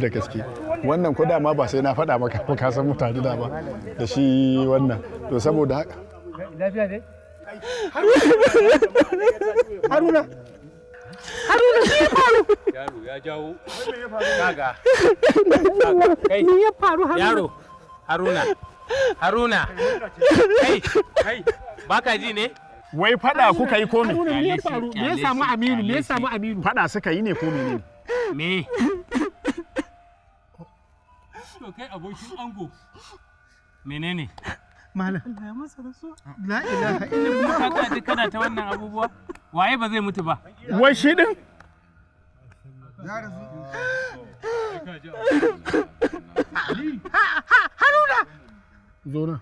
da gaske wannan ko dama ba sai na faɗa maka ka san mutane da ba da shi wannan to saboda haka lafiya ne haruna haruna shi ya faru yaro ya jawo kaga ya faru haruna yaro haruna haruna kai kai baka ji ne wai fada kuka yi ko me me ya samu aminu me ya samu aminu fada suka yi ne ko ne me To kai abokin ango. Menene? Malam. Allah ya masa rasu. La ilaha illallah. ta wannan abubuwa. Waye ba zai mutu ba? Wai shi din? Ya rasu. Haruna.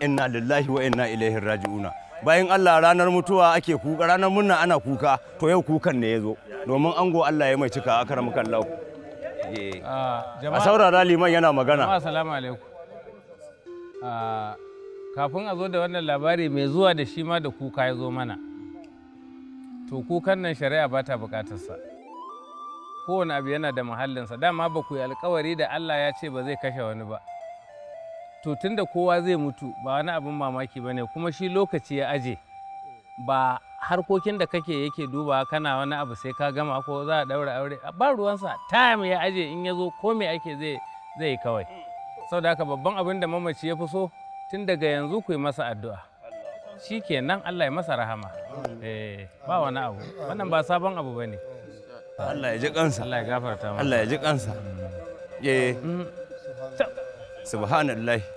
inna lillahi wa inna ilaihi raji'una bayan Allah ranar mutuwa ake kuka ranar murna ana kuka to yau kukan ne ya zo domin ango Allah ya mai cika a karamukan lau Eh. Ah, a saurara liman yana magana jama'a salamu alaikum ah, kafin a zo da wannan labari mai zuwa da shi ma da kuka ya zo mana to kukan nan shari'a ba ta bukatarsa kowane abu yana da muhallinsa dama ba ku yi alkawari da allah ya ce ba zai kashe wani ba to tunda kowa zai mutu ba wani abin mamaki ba ne kuma shi lokaci ya aje ba harkokin da kake yake duba kana wani abu sai ka gama ko za a daura aure ba ruwansa time ya aje in ya zo ko me ake zai zai kawai saboda haka babban abin da mamaci ya fi so tun daga yanzu ku yi masa addu'a shi nan Allah ya masa rahama eh ba wani abu wannan ba sabon abu bane Allah ya ji kansa Allah ya gafarta masa Allah ya ji kansa mm. eh subhanallahi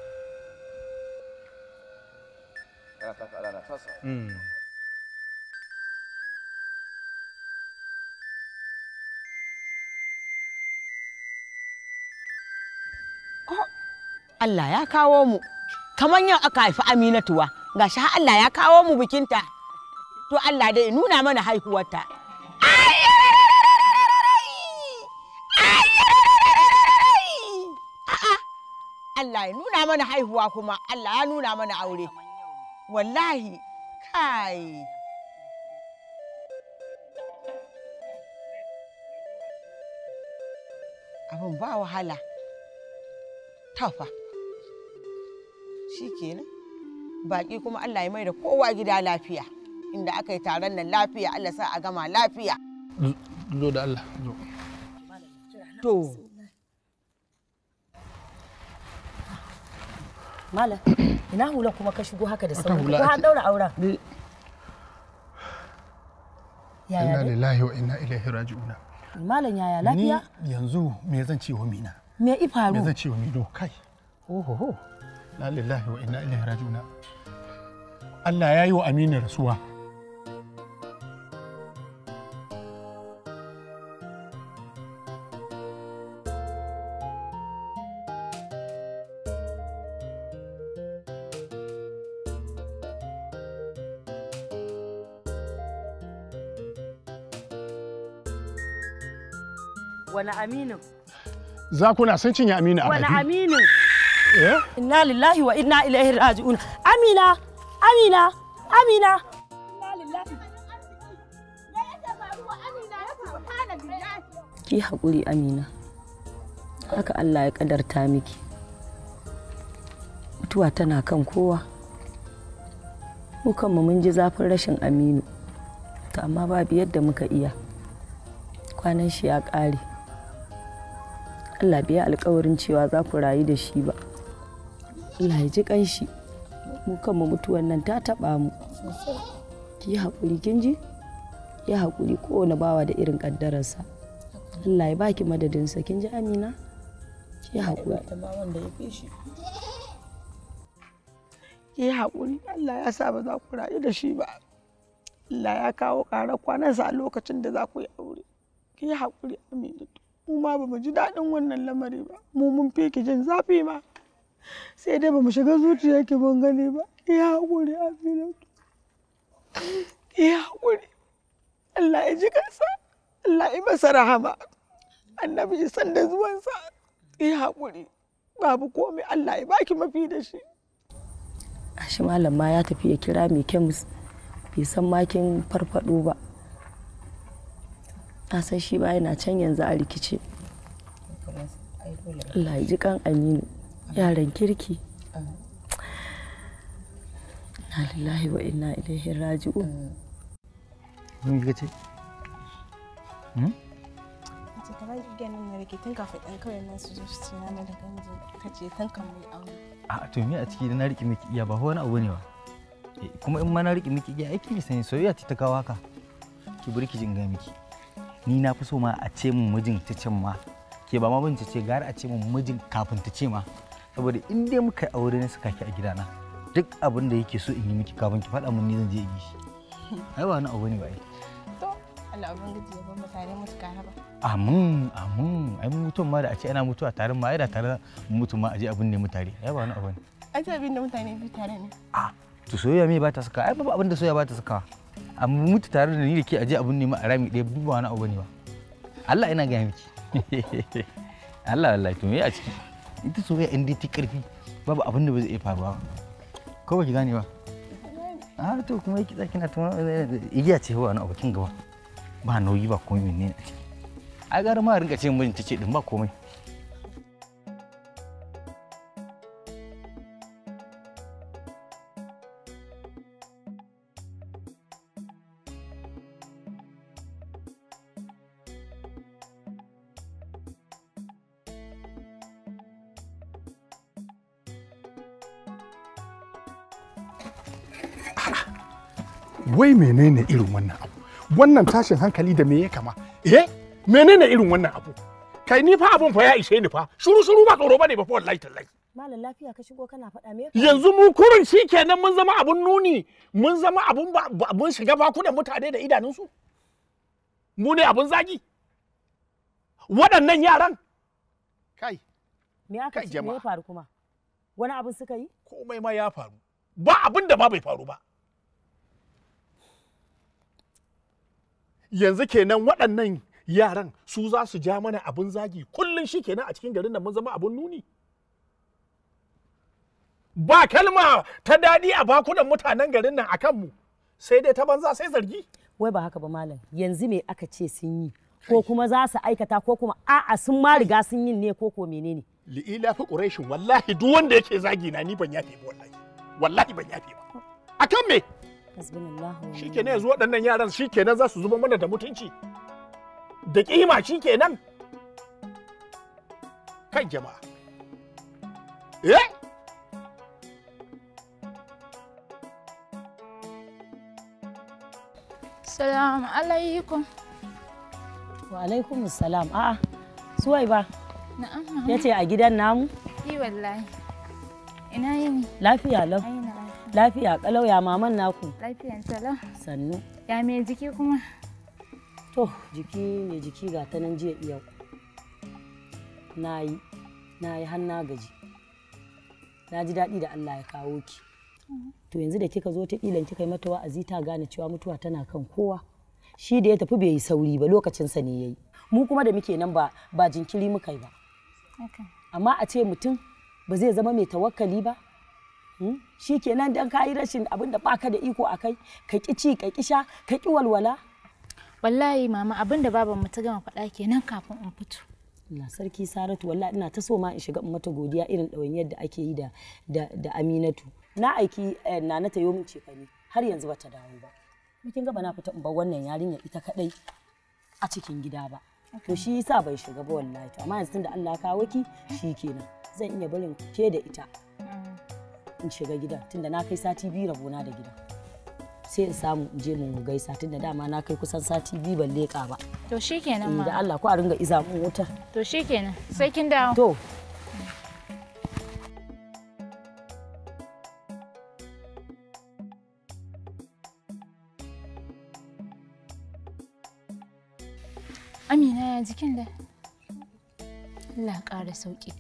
Mm. mm. Allah ya kawo mu kamar yau aka haifi aminatuwa ga shi Allah ya kawo mu bikinta to Allah dai nuna mana haihuwarta Allah ya nuna mana haihuwa kuma Allah ya nuna mana aure wallahi kai abin ba wahala tafa shi kenan baƙi kuma Allah ya mai da kowa gida lafiya inda aka yi taron nan lafiya Allah sa a gama lafiya zo da Allah zo to mala ina hula kuma ka shigo haka da sauri ko an daura auren inna lillahi wa inna ilaihi raji'una malam yaya lafiya yanzu me zan ce wa mina me i faru me zan ce wa mido kai ohoho la lillahi wa inna ilaihi raji'un Allah ya yi wa Aminu rasuwa wani aminu. zakuna san cinye aminu wani aminu eh? inna lillahi wa inna ilaihi raji'un amina amina amina ki haƙuri amina haka allah ya ƙadarta miki mutuwa tana kan kowa mu mun ji zafin rashin aminu To amma babu yadda muka iya kwanan shi ya ƙare Allah bai alkawarin cewa za ku rayu da shi ba Allah ya ji kanshi mu kanmu mutuwan nan ta taɓa mu ki haƙuri kin ji ya haƙuri kowane bawa da irin ƙaddararsa Allah ya baki madadinsa kin ji amina ki haƙuri ki haƙuri Allah ya sa ba za ku rayu da shi ba Allah ya kawo ƙarar kwanansa a lokacin da za ku yi aure ki haƙuri amina mu ma ba mu ji daɗin wannan lamari ba mu mun fi jin zafi ma sai dai ba mu shiga ke mun gani ba ya haƙuri aminatu ya haƙuri Allah ya ji Allah ya masa rahama annabi isan da zuwansa ya haƙuri babu komai Allah ya baki mafi da shi ashi malam ma ya tafi ya kira mai kemis bai san makin farfado ba na san shi ba yana can yanzu a rikice Allah ya aminu yaran kirki na lillahi wa inna ilaihi raji'un mun ga ce a to me a ciki na riki miki iya ba wani abu ne ba eh, kuma in ma na riki miki iya aiki mai sani soyayya ta kawo haka ki burki jin ga miki ni na fi so ma a ce min mijin ta ce ma ke ba ma bin ta ce gara a ce min mijin kafin ta ce ma saboda in dai muka yi aure na suka ki a gidana duk abin da yake so in yi miki kafin ki faɗa min ni zan je in yi shi ai ba wani abu ne ba ai to Allah ubangiji ya bamu tare mutu kana ba amin amin ai mutum ma da a ce ana mutuwa tare ma ai da tare mutum ma a je abin ne mu tare ai ba wani abu ne ai abin da mutane biyu tare ne a ah, to soyayya me ba ta saka ai ba abin da soyayya ba ta saka amma mutu tare da ni da ke aje abun nema a rami ɗaya duk wani abu ne ba Allah ina ga miki Allah wallahi to me a ciki ita soyayya in dai ta karfi babu abin da ba zai iya faruwa ko ba ki gane ba a to kuma yake tsaki na tuma igiya ce wa na kin gaba ba nauyi ba komai ne a ciki ai gara ma rinka ce mun tace din ba komai wai menene irin wannan abu wannan tashin hankali da me ya kama eh menene irin wannan abu kai ni fa abun fa ya ishe ni fa shuru shuru ba tsoro bane ba fa wallahi tallahi malam lafiya ka shigo kana faɗa me yanzu mu kurin shikenan mun zama abun nuni mun zama abun abun shiga bakunan mutane da idanunsu mu ne abun zagi waɗannan yaran kai me aka ce me ya faru kuma wani abun suka yi komai ma ya faru ba abin da ma bai faru ba yanzu kenan waɗannan yaran su za su ja mana abin zagi kullum shi kenan a cikin garin da mun zama abin nuni ba kalma ta daɗi a bakunan mutanen garin nan a kanmu sai dai ta banza sai zargi wai ba haka ba malam yanzu me aka ce sun yi ko kuma za su aikata ko kuma a'a sun ma riga sun yin ne ko ko menene li'ila fi quraishin wallahi duk wanda yake zagi na ni ban yafe ba wallahi wallahi ban yafe ba akan me shikenan yanzu waɗannan yaran shikenan za su zuba mana da mutunci da ƙima shikenan kan jama'a eh Salamu alaikum. Wa alaikum salam. A'a, suwai ba. Na'am. Yace a gidan namu? Yi wallahi. Ina yini? Lafiya lau. Lafiya kalau ya maman naku. Lafiya Sannu. Ya me jiki kuma? To jiki me jiki ga ta nan jiya iya. Na yi har na gaji. Na ji daɗi da Allah ya kawo ki. To yanzu da kika zo ta ƙilan kika yi mata wa'azi ta gane cewa mutuwa tana kan kowa. Shi da ya tafi bai yi sauri ba lokacinsa ne yayi Mu kuma da muke nan ba ba jinkiri muka yi ba. Amma a ce mutum ba zai zama mai tawakkali ba Hmm? shi kenan dan ka yi rashin abin da baka da iko a kai ka ƙi ci ka ƙi sha ka ƙi walwala wallahi mama abin da baban mu ta gama faɗa kenan kafin in fito na sarki Saratu wallahi ina ta so ma in shiga in mata godiya irin ɗawainiyar yadda ake yi da da Aminatu na aiki eh, nana ta yo min cefane har yanzu bata dawo ba kin ga na fita in bar wannan yarinya ita kaɗai a cikin gida ba to shi yasa bai shiga ba wallahi amma yanzu tunda Allah ya kawo ki shi kenan zan iya barin ke da ita in shiga gidan tunda na kai sati biyu rabona da gidan sai in samu in je mu gaisa tunda dama na kai kusan sati biyu ban leƙa ba to shikenan ma da Allah ko a ringa iza mun wuta to shikenan sai kin dawo to Amina ya jikin da Allah ƙara sauki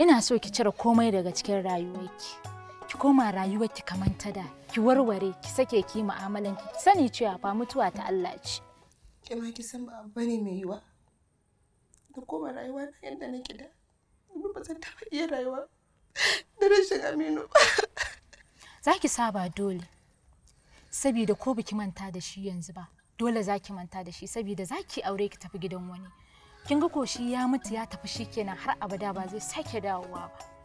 ina so ki cire komai daga cikin rayuwarki. ki koma rayuwar ki kamanta ta da ki warware ki sake ki mu'amalan ki sani cewa ba mutuwa ta Allah ce ki ma ki san ba bane mai yiwa da koma rayuwa na yanda nake da ni ba zan taba iya rayuwa da rashin aminu ba za ki saba dole saboda ko biki manta da shi yanzu ba dole za ki manta da shi saboda za ki aure ki tafi gidan wani kin ga ko shi ya mutu ya tafi shikenan har abada ba zai sake dawowa ba